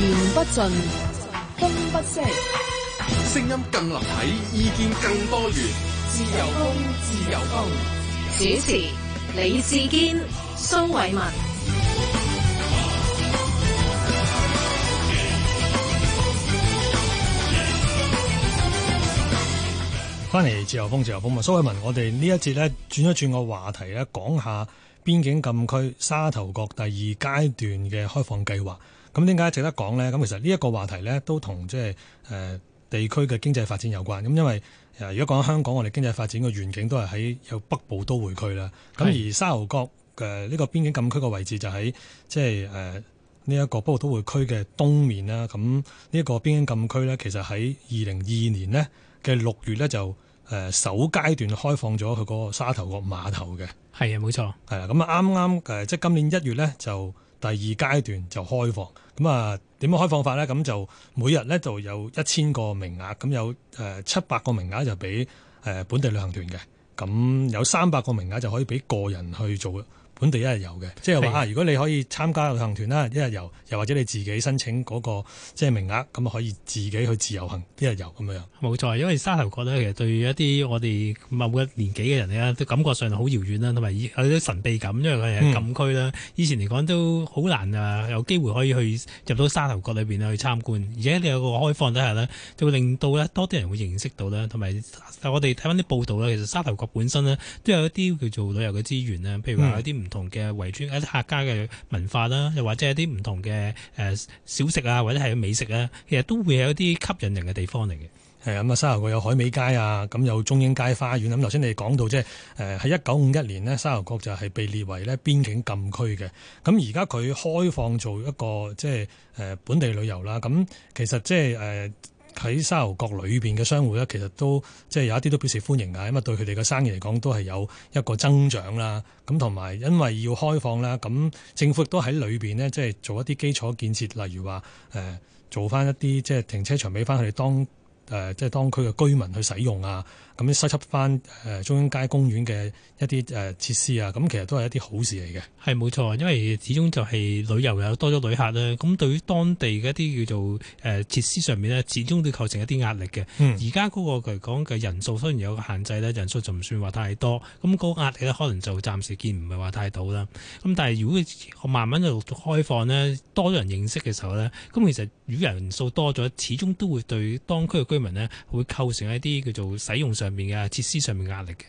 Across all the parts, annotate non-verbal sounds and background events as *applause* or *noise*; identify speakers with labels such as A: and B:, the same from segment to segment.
A: 言不盡，
B: 風不息，
C: 聲音更立體，意見更多元。自由風，自由風。自由風
B: 主持李志堅、
A: 蘇偉文。翻嚟自由風，自由風嘛。蘇偉文，我哋呢一節咧轉一轉個話題咧，講下邊境禁區沙頭角第二階段嘅開放計劃。咁點解值得講呢？咁其實呢一個話題呢，都同即係誒地區嘅經濟發展有關。咁因為誒，如果講香港，我哋經濟發展嘅願景都係喺有北部都會區啦。咁是的 而沙頭角嘅呢個邊境禁區嘅位置就喺即係誒呢一個北部都會區嘅東面啦。咁呢個個邊境禁區呢，其實喺二零二二年呢嘅六月呢，就誒首階段開放咗佢個沙頭角碼頭嘅。係啊，冇錯。係啦，咁啊啱啱即係今年一月呢，就。第二階段就開放，咁啊，點樣開放法呢？咁就每日呢，就有一千個名額，咁有誒七百個名額就俾誒本地旅行團嘅，咁有三百個名額就可以俾個人去做。本地一日遊嘅，即係話的、啊、如果你可以參加旅行團啦，一日遊，又或者你自己申請嗰個
B: 即係名額，咁啊可以自己去自由行一日遊咁樣。冇錯，因為沙頭角呢，其實對於一啲我哋某一年紀嘅人呢，都感覺上係好遙遠啦，同埋有啲神秘感，因為佢係禁區啦。嗯、以前嚟講都好難啊，有機會可以去入到沙頭角裏面去參觀，而家你有個開放底下呢，就會令到呢多啲人會認識到啦。同埋我哋睇翻啲報道呢，其實沙頭角本身呢，都有一啲叫做旅遊嘅資源咧，譬如話有啲唔同嘅圍村，一客家嘅文化啦，又或者一啲唔同嘅誒小食啊，或者係美食啊，其實都會有一啲吸引人嘅地方嚟嘅。係咁啊，沙頭角有海味街啊，
A: 咁有中英街花園。咁頭先你講到即係誒，喺一九五一年呢，沙頭角就係被列為呢邊境禁區嘅。咁而家佢開放做一個即係誒本地旅遊啦。咁其實即係誒。呃喺沙頭角裏面嘅商戶咧，其實都即係有一啲都表示歡迎啊，咁啊對佢哋嘅生意嚟講都係有一個增長啦。咁同埋因為要開放啦，咁政府亦都喺裏面呢，即係做一啲基礎建設，例如話、呃、做翻一啲即係停車場俾翻佢哋當、呃、即係當區嘅居民去使用啊。咁修葺翻誒中英街公園嘅一啲誒設施啊，咁其實都係一啲好事嚟嘅。
B: 係，冇錯，因為始終就係旅遊有多咗旅客啦，咁對於當地嘅一啲叫做誒設施上面呢，始終都構成一啲壓力嘅。而家嗰個佢講嘅人數雖然有個限制呢，人數就唔算話太多，咁、那、嗰個壓力呢，可能就暫時見唔係話太到啦。咁但係如果慢慢就開放呢，多咗人認識嘅時候呢，咁其實如果人數多咗，始終都會對當區嘅居民呢，會構成一啲叫做使用上上面嘅設施上面壓力嘅，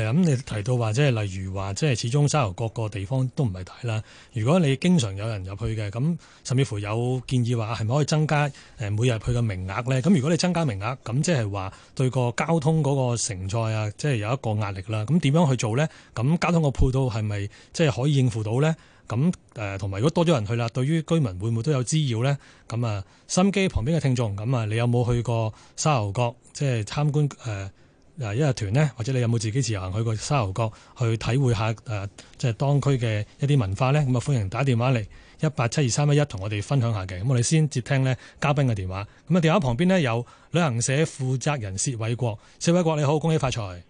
B: 係啊，咁，嗯，你提到話即係例如話，即係始終沙頭角個
A: 地方都唔係大啦。如果你經常有人入去嘅，咁甚至乎有建議話係咪可以增加誒每日去嘅名額呢？咁如果你增加名額，咁即係話對個交通嗰個乘載啊，即係有一個壓力啦。咁點樣去做呢？咁交通個配套係咪即係可以應付到呢？咁誒，同埋如果多咗人去啦，對於居民會唔會都有滋擾呢？咁啊，心機旁邊嘅聽眾，咁啊，你有冇去過沙頭角即係參觀誒？呃誒，一日團呢，或者你有冇自己自由行去過沙頭角，去體會一下誒，即、呃、係、就是、當區嘅一啲文化呢？咁啊，歡迎打電話嚟一八七二三一一同我哋分享一下嘅。咁、嗯、我哋先接聽呢嘉賓嘅電話。咁、嗯、啊，電話旁邊呢，有旅行社負責人薛衛國。薛衛國你好，恭喜發財！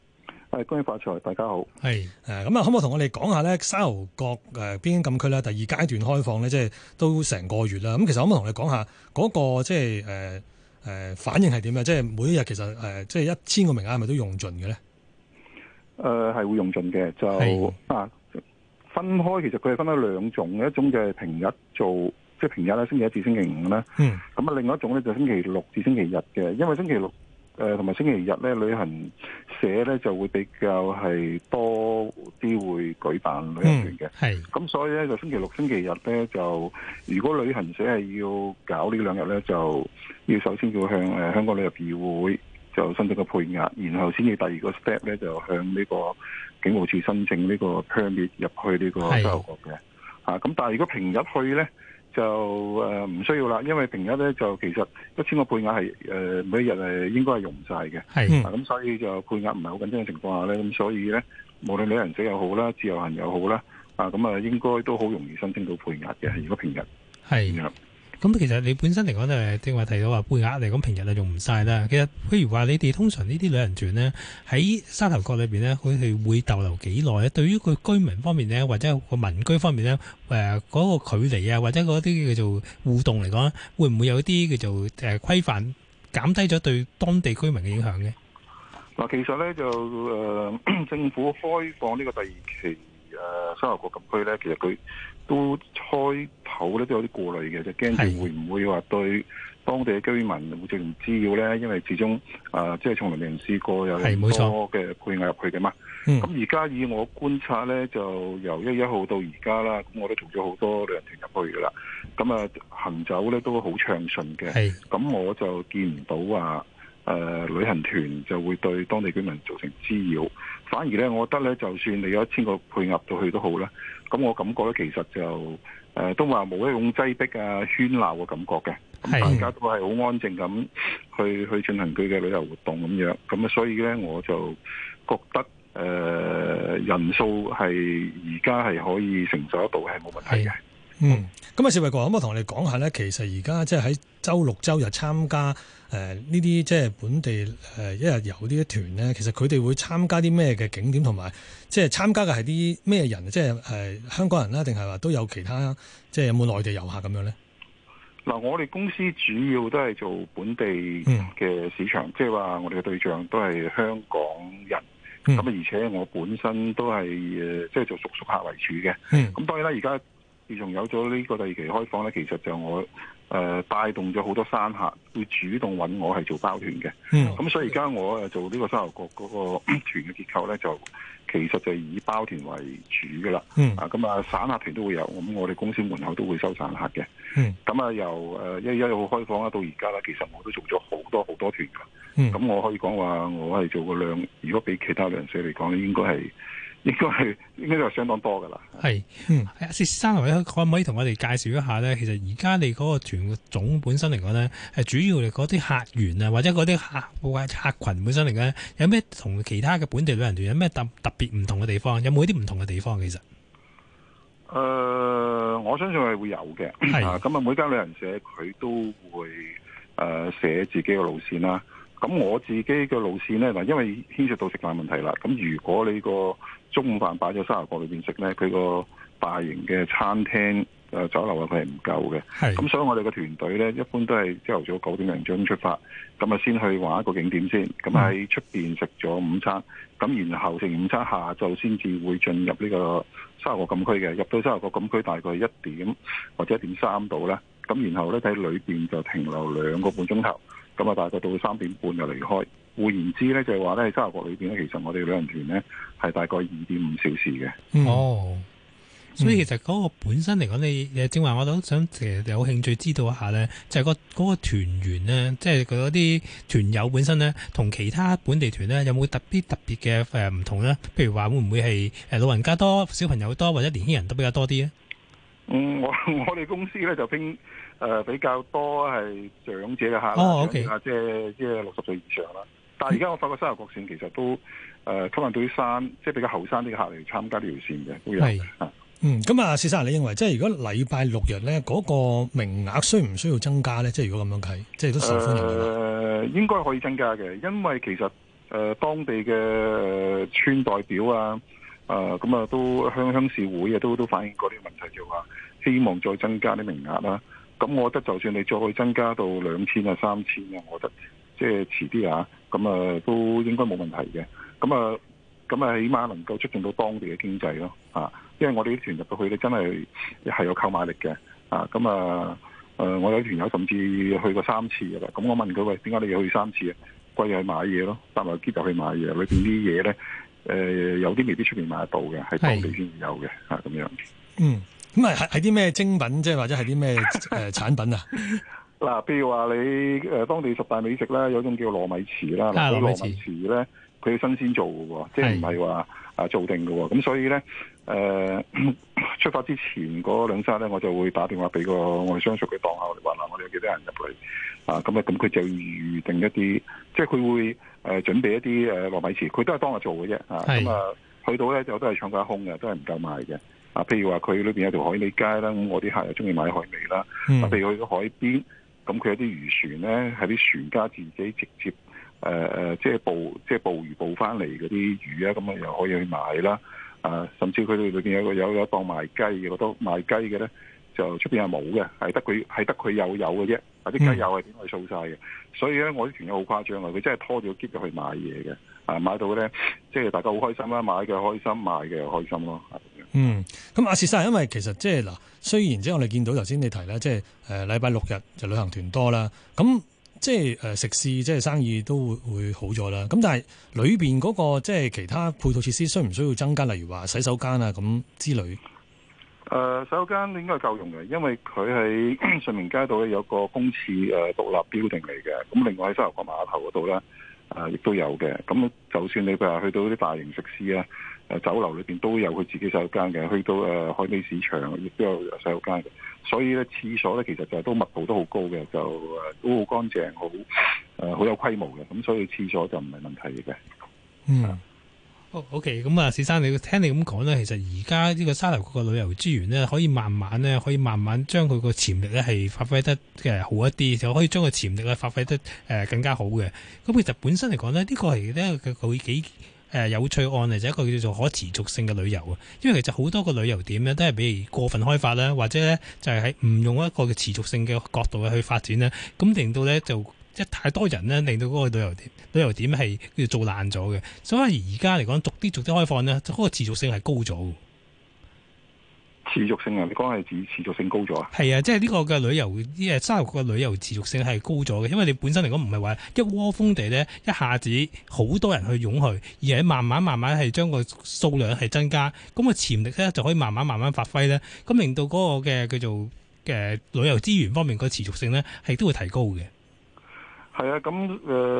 D: 誒，恭喜發財！大家好。
A: 係誒，咁、呃、啊，可唔可以同我哋講下呢？沙頭角誒、呃、邊境禁區呢？第二階段開放呢，即係都成個月啦。咁、嗯、其實可唔可以同你講下嗰、那個即係誒？呃誒、呃、反應係點啊？即係每一日其實誒、呃，即係一千個名額係咪都用盡嘅
D: 咧？誒係、呃、會用盡嘅，就的啊分開，其實佢係分開兩種嘅，一種就係平日做，即係平日咧，星期一至星期五咧。嗯。咁啊，另外一種咧就係星期六至星期日嘅，因為星期六。誒，同埋、呃、星期日咧，旅行社咧就會比較係多啲會舉辦旅行團嘅。係、嗯，咁所以咧就星期六、星期日咧就，如果旅行社係要搞呢兩日咧，就要首先要向誒、呃、香港旅遊議會就申請個配額，然後先至第二個 step 咧就向呢個警務處申請呢個 permit 入去呢個旅遊局嘅。咁的、啊、但係如果平日去咧？就誒唔、呃、需要啦，因為平日咧就其實一千個配額係誒每一日係應該係用唔晒嘅。係咁是、啊、所以就配額唔係好緊張嘅情況下咧，咁所以咧無論旅行者又好啦，自由行又好啦，啊咁啊應該都好容易申請到配額嘅，如果平日
B: 係。是咁其實你本身嚟講，誒正話提到話配額嚟講，平日就用唔晒啦。其實譬如話，你哋通常呢啲旅行團呢，喺沙頭角裏邊呢，佢係會逗留幾耐咧？對於佢居民方面呢，或者個民居方面呢，誒、呃、嗰、嗰個距離啊，或者嗰啲叫做互動嚟講，會唔會有一啲叫做誒、呃、規範，減低咗對當地居民嘅影響咧？嗱，其實
D: 呢，就誒、呃、政府開放呢個第二期。誒，沙頭角禁區咧，其實佢都開頭咧都有啲顧慮嘅，就驚住會唔會話對當地嘅居民會造成滋擾咧？因為始終誒、呃，即係從來未試過有冇多嘅配額入去嘅嘛。咁而家以我觀察咧，就由一月一號到而家啦，咁我都做咗好多旅行團入去噶啦。咁啊，行走咧都好暢順嘅。咁是我就見唔到話誒、呃，旅行團就會對當地居民造成滋擾。反而咧，我覺得咧，就算你有一千個配額到去都好啦。咁我感覺咧，其實就誒、呃、都話冇一種擠迫啊、喧鬧嘅感覺嘅。咁的大家都係好安靜咁去去進行佢嘅旅遊活動咁樣。咁啊，所以咧，我就覺得誒、呃、人數係而家係可以承受得到，
A: 係冇問題嘅。嗯，咁啊，薛衛國，可唔可以同我哋講下咧？其實而家即係喺。周六周日參加誒呢啲即係本地誒、呃、一日遊呢一團呢，其實佢哋會參加啲咩嘅景點同埋，即係參加嘅係啲咩人？即係誒、呃、香港人啦、啊，定係話都有其他？即係有冇內地遊客咁樣呢？
D: 嗱、呃，我哋公司主要都係做本地嘅市場，嗯、即係話我哋嘅對象都係香港人。咁、嗯、而且我本身都係誒，即係做熟熟客為主嘅。咁、嗯嗯、當然啦，而家自從有咗呢個第二期開放呢，其實就我。誒，帶、呃、動咗好多散客會主動揾我係做包團嘅，咁、嗯、所以而家我誒做呢個沙頭角嗰個團嘅 *coughs* 結構呢，就其實就是以包團為主噶啦。嗯、啊，咁啊散客團都會有，咁我哋公司門口都會收散客嘅。咁啊、嗯、由誒一月一號開放啦，到而家呢，其實我都做咗好多好多團，咁、嗯、我可以講話，我係做個兩，如果比其他旅行社嚟講咧，應該係應該
B: 係應該係相當多㗎喇。係，嗯，薛生，可唔可以同我哋介紹一下咧？其實而家你嗰個團嘅總本身嚟講咧，係主要你嗰啲客源啊，或者嗰啲客或客群本身嚟講咧，有咩同其他嘅本地旅行團有咩特特別唔同嘅地方？有冇啲唔同嘅地方？其實，
D: 誒、呃，我相信係會有嘅。係，咁啊，每間旅行社佢都會誒寫、呃、自己嘅路線啦、啊。咁我自己嘅路線呢，嗱，因為牽涉到食飯問題啦。咁如果你個中午飯擺咗沙頭角裏面食呢，佢個大型嘅餐廳誒酒樓啊，佢係唔夠嘅。咁的所以我哋嘅團隊呢，一般都係朝頭早九點零鐘出發，咁啊先去玩一個景點先，咁喺出面食咗午餐，咁的然後食午餐下晝先至會進入呢個沙頭角禁區嘅。入到沙頭角禁區大概一點或者一點三度啦，咁然後呢，喺裏面就停留兩個半鐘頭。咁啊，大概到三點半就離開。換言之咧，就係話咧，沙頭角裏邊咧，其實我哋旅行團咧係大概二點五小時嘅、
B: 嗯。哦，嗯、所以其實嗰個本身嚟講，你正話我都想其實有興趣知道一下咧，就係嗰嗰個團員咧，即係佢嗰啲團友本身咧，同其他本地團咧，有冇特別特別嘅誒唔同咧？譬如話會唔會係誒老人家多、小朋友多，或者年輕人都比較多啲咧？嗯，
D: 我我哋公司咧就偏。誒、呃、比較多係長者嘅客啦，即係即係六十歲以上啦。啊 okay、但係而家我發覺沙頭角線其實都誒可能對啲生，即係比較後生啲嘅客嚟參加呢條線嘅，都有嗯，
A: 咁啊，薛生你認為即係如果禮拜六日咧，嗰、那個名額需唔需要增加咧？即係如果咁樣計，即係都十分人嘅。誒、
D: 呃、應該可以增加嘅，因為其實誒、呃、當地嘅村代表啊，誒咁啊都鄉鄉事會啊都都反映過呢個問題叫，就話希望再增加啲名額啦、啊。咁，我覺得就算你再去增加到兩千啊、三千啊，我覺得即係遲啲啊，咁啊、啊都應該冇問題嘅。咁啊，咁啊，起碼能夠促進到當地嘅經濟咯，啊，因為我哋啲團入到去咧，真係係有購買力嘅，啊，咁啊，誒、啊，我有團友甚至去過三次噶啦。咁、啊啊、我問佢：喂，點解你要去三次啊？貴係買嘢咯，搭埋機入去買嘢，裏邊啲嘢咧，誒、呃，有啲未必出面買得到嘅，喺當地先有嘅，是啊，咁樣。嗯。
A: 咁啊，係啲咩精品，即係或者係啲咩誒產品啊？嗱，
D: 譬如話你誒當地十大美食啦，有種叫糯米糍啦、啊。糯米糍咧，佢要新鮮做嘅喎，即係唔係話啊做定嘅喎。咁是所以咧、呃，出發之前嗰兩三日咧，我就會打電話俾個我哋相熟嘅檔口，話嗱，我哋有幾多人入去啊？咁啊，咁佢就預定一啲，即係佢會誒準備一啲誒糯米糍，佢都係當日做嘅啫。啊，咁是啊，去到咧就都係搶佢一空嘅，都係唔夠賣嘅。譬如話佢裏邊有一條海味街啦，咁我啲客又中意買海味啦。譬、嗯、如去咗海邊，咁佢有啲漁船咧，係啲船家自己，自己直接誒誒，即、呃、係、就是、捕即係、就是、捕魚捕翻嚟嗰啲魚啊，咁樣又可以去買啦。啊，甚至佢裏裏邊有一個有有檔賣雞嘅，我都賣雞嘅咧，就出邊係冇嘅，係得佢係得佢有是有嘅啫。啊啲、嗯、雞又係點去掃晒嘅，所以咧我啲朋友好誇張他啊，佢真係拖住個喼去買嘢嘅，啊買到咧即係大家好開心啦，買嘅開心，賣嘅又開心咯。買的就開心
A: 嗯，咁阿薛生，因為其實即係嗱，雖然即係我哋見到頭先你提啦，即係誒禮拜六日就旅行團多啦，咁即係誒、呃、食肆即係生意都會會好咗啦。咁但係裏邊嗰、那個即係其他配套設施需唔需要增加？例如話洗手間啊咁之類。
D: 誒、呃，洗手間應該夠用嘅，因為佢喺順明街道有個公廁誒獨立標定嚟嘅。咁另外喺沙頭角碼頭嗰度咧，誒、呃、亦都有嘅。咁就算你譬如去到啲大型食肆咧。誒、啊，酒樓裏邊都有佢自己洗手間嘅，去到誒、啊、海味市場亦都有洗手間嘅，所以咧廁所咧其實就係都密度都好高嘅，就誒、啊、都好乾淨，好誒、啊、好有規模嘅，咁所以廁所就唔係問題嚟嘅。嗯，
B: 好 OK，咁啊，薛生、okay，你聽你咁講咧，其實而家呢個沙頭角嘅旅遊資源呢，可以慢慢咧，可以慢慢將佢個潛力咧係發揮得好一啲，就可以將個潛力咧發揮得誒、呃、更加好嘅。咁其實本身嚟講呢，呢、這個係呢。佢、這、幾、個。誒、嗯、有趣案例，或就一個叫做可持續性嘅旅遊啊，因為其實好多個旅遊點咧都係譬如過分開發啦，或者咧就係喺唔用一個嘅持續性嘅角度去發展咧，咁令到咧就即係太多人呢令到嗰個旅遊點旅遊點係叫做爛咗嘅。所以而家嚟講，逐啲逐啲開放咧，嗰、那個持續性係高咗。
D: 持續性啊！你講係持持續性高咗啊？
B: 係啊，即係呢個嘅旅遊啲誒沙頭角嘅旅遊持續性係高咗嘅，因為你本身嚟講唔係話一窩蜂地咧，一下子好多人去湧去，而係慢慢慢慢係將個數量係增加，咁個潛力咧就可以慢慢慢慢發揮咧，咁令到嗰個嘅叫做誒旅遊資源方面個持續性咧係都會提高嘅。
D: 係啊，咁誒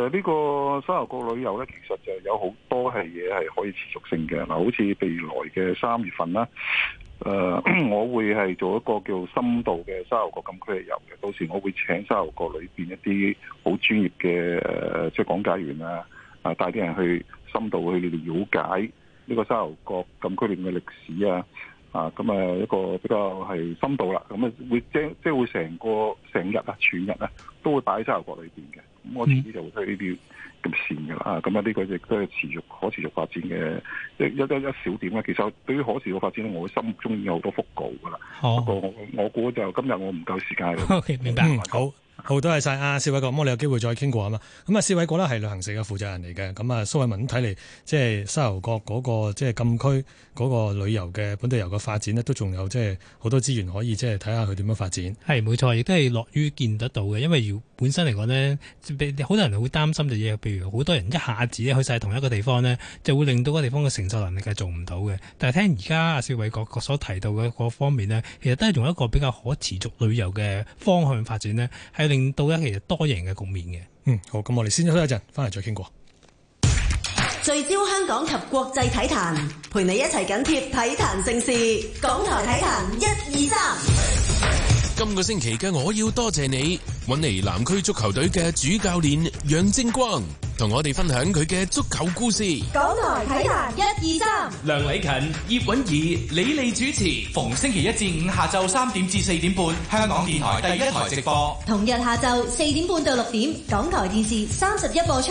D: 呢個沙頭角旅遊咧，其實就有好多係嘢係可以持續性嘅嗱，好似未來嘅三月份啦。誒、呃，我會係做一個叫深度嘅沙頭角禁區遊嘅。到時我會請沙頭角裏邊一啲好專業嘅誒，即、呃、係講解員啊，啊帶啲人去深度去你哋瞭解呢個沙頭角禁區裏面嘅歷史啊，啊咁啊一個比較係深度啦。咁啊會即即會成個成日啊全日啊都會擺喺沙頭角裏邊嘅。咁、嗯、我自己就都呢啲咁線嘅啦，咁啊呢個亦都係持續可持續發展嘅，一一一小點啦。其實對於可持續發展我心中有好多福報告噶啦。
A: 不過、哦、我
D: 我估就今日我唔夠時間。 *laughs* o、
A: okay, K，明白，嗯、好。好多謝晒阿薛衛國，咁我哋有機會再傾過啊嘛。咁啊，薛衛國呢係旅行社嘅負責人嚟嘅，咁啊蘇偉文睇嚟，即係沙頭角嗰個即係禁區嗰個旅遊嘅本地遊嘅發展呢，都仲
B: 有即係好多資源可以即係睇下佢點樣發展。係冇錯，亦都係樂於見得到嘅，因為本身嚟講呢，好多人會擔心嘅嘢，譬如好多人一下子去晒同一個地方呢，就會令到嗰個地方嘅承受能力係做唔到嘅。但係聽而家阿薛衛國所提到嘅各方面呢，其實都係用一個比較可持續旅遊嘅方向發展呢。到一其實多元嘅局面嘅。嗯，好，咁我哋先休息一陣，翻嚟再傾過。
A: 聚焦香港及國際體壇，陪你一齊緊貼體壇盛事。港台體壇一二三。1, 2，今個星期嘅我要多謝你，揾嚟南區足球隊嘅主教練楊正光。同我哋分享佢嘅足球故事。
C: 港台體壇一、二、三。梁偉勤、葉韻儀、李麗主持。逢星期一至五下晝三點至四點半，香港電台第一台直播。直播同日下晝四點半到六點，港台電視三十一播出。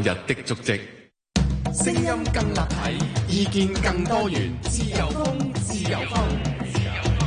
C: 日的足
A: 跡，
B: 聲音更立體，意見更多元，
A: 自由風，自由風，自由風。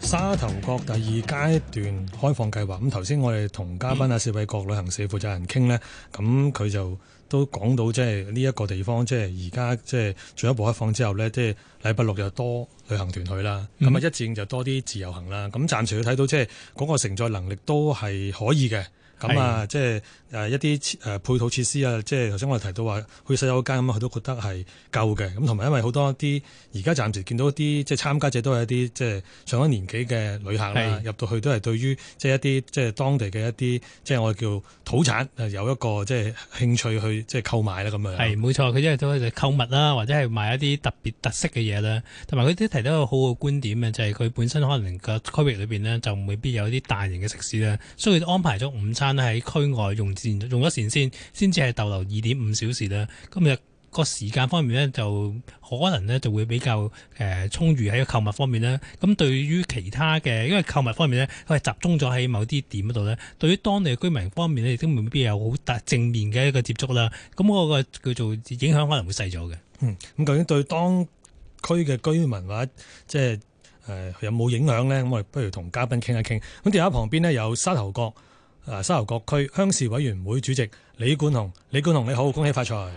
A: 沙頭角第二階段開放計劃，咁頭先我哋同嘉賓啊，薛衛國旅行社負責人傾咧，咁佢就。都講到即係呢一個地方，即係而家即係進一步開放之後呢，即係禮拜六又多旅行團去啦，咁啊、嗯、一至五就多啲自由行啦。咁暫時要睇到即係嗰個承載能力都係可以嘅。咁啊，是的 即係誒一啲誒，呃、配套設施啊，即係頭先我哋提到話去洗手間咁，佢都覺得係夠嘅。咁同埋因為好多啲而家暫時見到啲即係參加者都係一啲即係上咗年紀嘅旅客啦，是的 入到去都係對於即係一啲即係當地嘅一啲
B: 即係我哋叫土產有一個即係興趣去即係購買啦，咁樣係冇錯，佢因為都係購物啦，或者係買一啲特別特色嘅嘢啦。同埋佢都提到一個好嘅觀點啊，就係，是，佢本身可能個區域裏邊咧就未必有啲大型嘅食肆啦，所以安排咗午餐。但係喺區外先用線用咗線線，先至係逗留二點五小時啦。今日個時間方面呢，就可能呢就會比較誒充裕喺購物方面呢。咁對於其他嘅，因為購物方面呢，佢係集中咗喺某啲店嗰度呢。對於當地嘅居民方面呢，亦都未必有好大正面嘅一個接觸啦。咁嗰個叫做影響可能會細咗嘅。嗯，
A: 咁究竟對當區嘅居民嘅話，即係誒有冇影響呢？咁我哋不如同嘉賓傾一傾。咁電話旁邊呢，有沙頭角。誒，沙頭角區鄉事委員會主席李冠洪，李冠洪，你好，恭喜發財！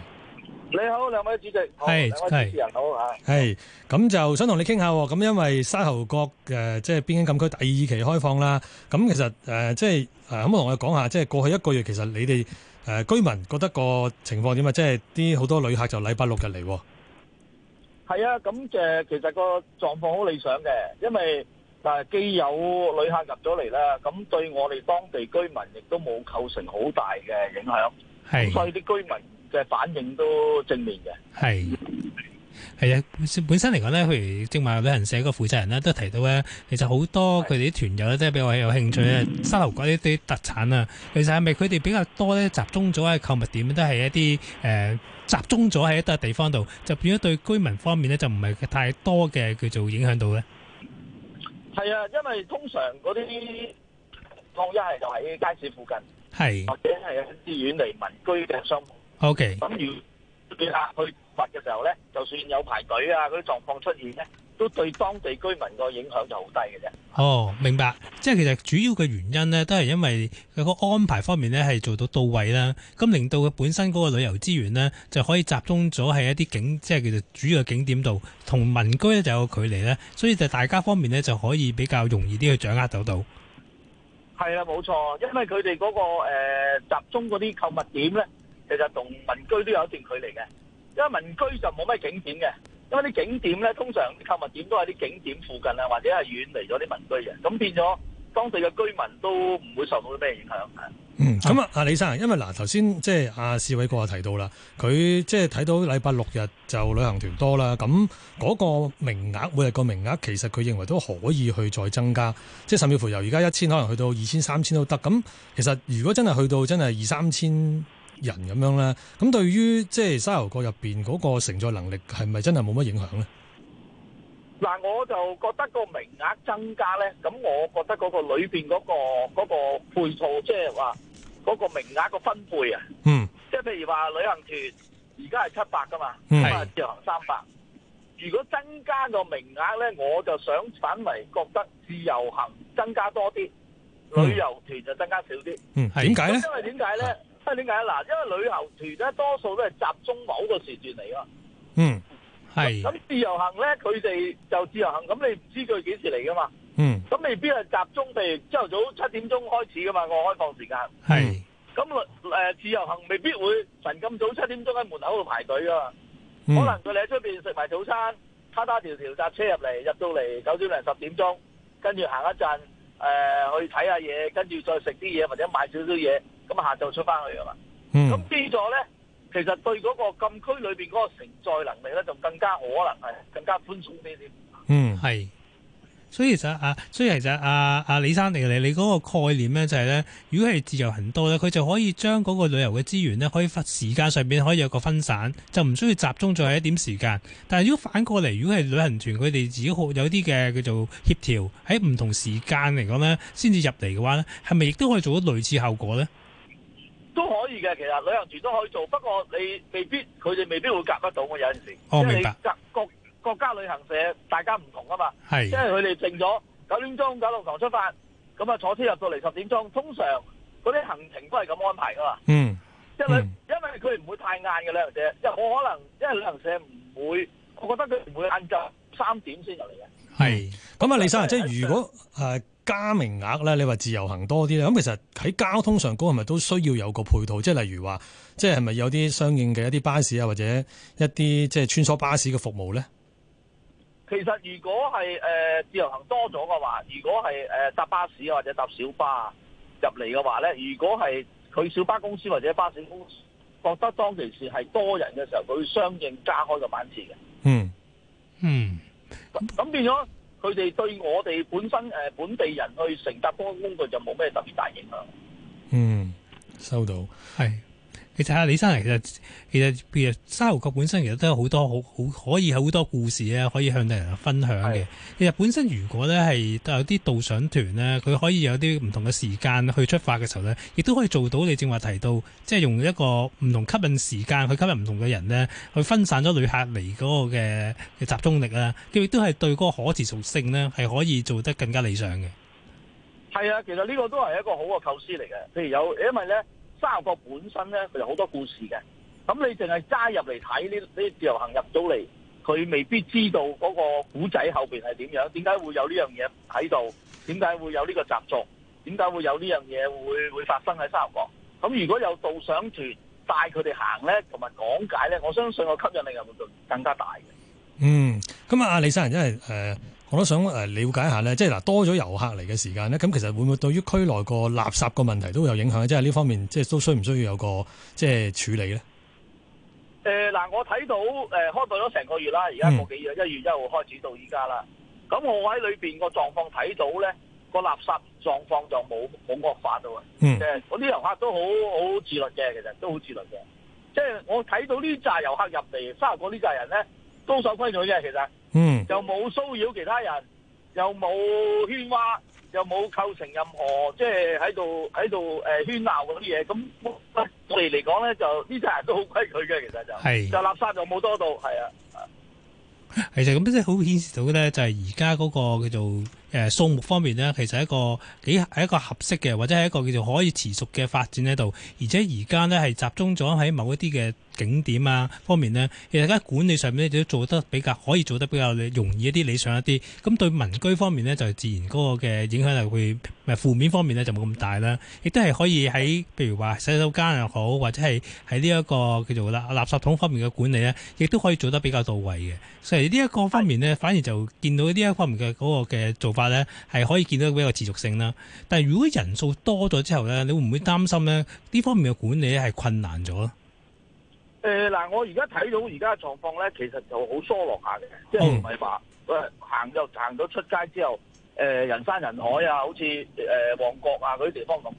C: 你好，兩位主席，係主持人好吓。
A: 係，咁就想同你傾下，咁因為沙頭角誒，即係邊境禁區第二期開放啦。咁其實誒，即係誒，可唔可以同我講下，即係過去一個月，其實你哋誒居民覺得個情況點啊即係啲好多旅客就禮拜六日嚟。係啊，咁誒，其實個
C: 狀況好理想嘅，因為。嗱，既有旅客入咗嚟啦，咁對我哋當地居民亦都冇構成好大嘅影響，所以啲居民嘅反應都正面
B: 嘅。係係啊，本身嚟講咧，譬如正話旅行社個負責人咧都提到咧，其實好多佢哋啲團友咧都比較有興趣咧，沙頭角啲啲特產啊，其實係咪佢哋比較多咧集中咗喺購物點，都係一啲誒集中咗喺一笪地方度，就變咗對居民方面咧就唔係太多嘅叫做影響到咧。
C: 係啊，因為通常嗰啲放一係就喺街市附近，
B: 是或者
C: 係啲遠離民居嘅商舖。
B: O K. 咁
C: 如果去罰嘅時候咧，就算有排隊啊嗰啲狀況出現咧，都
B: 對當地居民個影響就好低嘅啫。哦，明白，即係其實主要嘅原因呢，都係因為佢個安排方面呢係做到到位啦，咁令到佢本身嗰個旅遊資源呢，就可以集中咗喺一啲景，即係其實主要嘅景點度，同民居咧就有個距離呢，所以就大家方面呢就可以比較容易啲去掌握到到。
C: 係啦，冇錯，因為佢哋嗰個、呃、集中嗰啲購物點呢，其實同民居都有一段距離嘅，因為民居就冇咩景點嘅。因為啲景點咧，通常啲購物點都喺啲景點附近啦，或者係遠離咗啲民居嘅，咁變咗當地嘅居民都唔會受到
A: 咩影響。嗯，咁啊，阿李生，因為嗱頭先即係阿薛衛國啊提到啦，佢即係睇到禮拜六日就旅行團多啦，咁嗰個名額每日個名額其實佢認為都可以去再增加，即係甚至乎由而家一千可能去到二千三千都得。咁其實如果真係去到真係二三千人咁樣咧，咁對於即係沙頭角入邊嗰個承載能力係咪真係冇乜影響咧？
C: 嗱，我就覺得個名額增加咧，咁我覺得嗰個裏邊嗰個嗰個配套，即係話嗰個名額個分配啊，嗯，即係譬如話旅行團而家係七百噶嘛，自由行三百。如果增加個名額咧，我就想反為覺得自由行增加多啲，
B: 旅遊
C: 團就增加少啲。嗯，係點解咧？因為點解咧？即係點解啊？嗱，因為旅遊團咧，多數都係集中某個時段嚟噶。嗯，
B: 係。咁
C: 自由行咧，佢哋就自由行，咁你唔知佢幾時嚟噶嘛？嗯。咁未必係集中地，朝頭早七點鐘開始噶嘛？我開放時間。係、嗯。咁誒、呃、自由行未必會晨咁早七點鐘喺門口度排隊噶嘛？嗯，、可能佢哋喺出邊食埋早餐，打打條條搭車入嚟，入到嚟九點零十點鐘，跟住行一陣，誒、呃、去睇下嘢，跟住再食啲嘢或者買少少嘢。咁下晝出翻去啊嘛。咁 B 座咧，其實對嗰
B: 個禁區裏面嗰個承載能力咧，就更加可能係更加寬鬆啲啲。嗯，係。所以其實啊，所以其實啊，啊李生嚟嚟，你嗰個概念咧就係咧，如果係自由行多咧，佢就可以將嗰個旅遊嘅資源咧，可以分時間上面可以有個分散，就唔需要集中再喺一點時間。但係如果反過嚟，如果係旅行團，佢哋自己有啲嘅叫做協調喺唔同時間嚟講咧，先至入嚟嘅話咧，係咪亦都可以做到類似效果咧？
C: 都可以嘅，其實旅行社都可以做，不過你未必佢哋未必會夾得到。我有
B: 陣時，因為
C: 各家旅行社大家唔同啊嘛，即係佢哋定咗九點鐘、九龍塘出發，咁啊坐車入到嚟十點鐘，通常嗰啲行程都係咁安排噶嘛。
B: 嗯，因為
C: 因為佢唔會太晏嘅旅行社，即係冇可能，因為旅行社唔會，我覺得佢唔會晏晝三點先入嚟嘅。係
A: 咁啊，李生，即係如果誒。加名額呢，你話自由行多啲呢？咁其實喺交通上高係咪都需要有個配套？即係例如話，即係係咪有啲相應嘅一啲巴士啊，或者一啲即係穿梭巴士嘅服務呢？
C: 其實如果係誒、呃、自由行多咗嘅話，如果係誒搭巴士或者搭小巴入嚟嘅話呢，如果係佢小巴公司或者巴士公司覺得當其時係多人嘅時候，佢相應加開個班次嘅。嗯嗯，咁咁變咗。佢哋對我哋本身誒、呃、本地人去乘搭交通工具就冇咩特別大影響。
B: 嗯，收到，係。其實李生嚟，其實其實譬如沙頭角本身其實都有好多好多好好可以有好多故事啊，可以向啲人分享嘅。的其實本身如果咧係有啲導賞團呢，佢可以有啲唔同嘅時間去出發嘅時候呢，亦都可以做到你正話提到，即係用一個唔同吸引時間去吸引唔同嘅人呢，去分散咗旅客嚟嗰個嘅嘅集中力啦。佢亦都係對嗰個可持續性呢，係可以做得更加理想嘅。
C: 係啊，其實呢個都係一個好嘅構思嚟嘅。譬如有，因為呢。沙國本身咧，佢好多故事嘅。咁你淨係揸入嚟睇呢啲自由行入到嚟，佢未必知道嗰個古仔後邊係點樣？點解會有呢樣嘢喺度，點解會有呢個習俗，點解會有呢樣嘢會會發生喺沙國？咁如果有導賞團帶佢哋行咧，同埋講解咧，我相信個吸引力又會更加大嘅。嗯，
A: 咁啊，李生真係誒。我都想誒瞭解一下咧，即係嗱多咗遊客嚟嘅時間咧，咁其實會唔會對於區內個垃圾個問題都有影響？即係呢方面，即係都需唔需要有個即係處理咧？
C: 誒嗱、呃，我睇到誒、呃、開放咗成個月啦，而家冇幾日、嗯、1月1日，一月一號開始到依家啦。咁我喺裏邊個狀況睇到咧，個垃圾狀況就冇冇惡化啊喎。誒、嗯，啲遊客都好好自律嘅，其實都好自律嘅。即係我睇到呢紮遊客入嚟，三十個呢扎人咧都守規矩啫，其實。嗯，又冇騷擾其他人，又冇喧嘩，又冇構成任何即係喺度喺度誒喧鬧嗰啲嘢，咁我哋嚟講咧，就呢啲人都好規矩嘅，其實就係是就垃圾就冇多到，係啊，
B: 就是那個呃。其實咁即係好顯示到嘅咧，就係而家嗰個叫做誒數目方面咧，其實係一個幾係一個合適嘅，或者係一個叫做可以持續嘅發展喺度，而且而家咧係集中咗喺某一啲嘅。景點啊方面呢，其實家管理上面咧都做得比較可以，做得比較容易一啲理想一啲。咁對民居方面呢，就自然嗰個嘅影響就會負負面方面呢，就冇咁大啦。亦都係可以喺譬如話洗手間又好，或者係喺呢一個叫做垃垃圾桶方面嘅管理呢，亦都可以做得比較到位嘅。所以呢一個方面呢，反而就見到呢一方面嘅嗰個嘅做法呢，係可以見到一個比較持續性啦。但係如果人數多咗之後呢，你會唔會擔心呢？呢方面嘅管理係困難咗？
C: 誒，嗱、呃，我而家睇到而家嘅狀況咧，其實就好疏落下嘅，mm. 即係唔係話誒行就行咗出,出街之後，誒、呃、人山人海啊，好似誒、呃、旺角啊嗰啲地方咁。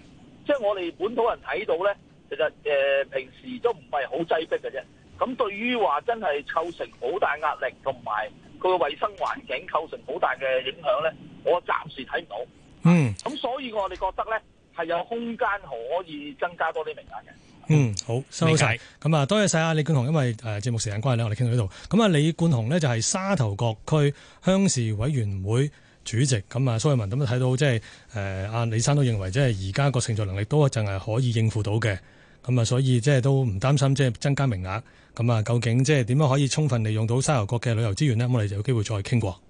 C: 即係我哋本土人睇到咧，其實誒、呃、平時都唔係好擠逼嘅啫。咁對於話真係構成好大壓力，同埋佢嘅衛生環境構成好大嘅影響咧，我暫時睇唔到。嗯。咁所以我哋覺得咧，係有空間可以增加多啲名額嘅。
A: 嗯，好，收晒。咁啊解，多謝晒阿李冠洪，因為誒節目時間關係呢，我哋傾到呢度。咁啊，李冠洪呢，就係沙頭角區鄉事委員會主席。咁啊，蘇偉文咁都睇到，即係誒阿李生都認為，即係而家個承載能力都淨係可以應付到嘅。咁啊，所以即係都唔擔心，即係增加名額。咁啊，究竟即係點樣可以充分利用到沙頭角嘅旅遊資源呢？咁我哋就有機會再傾過。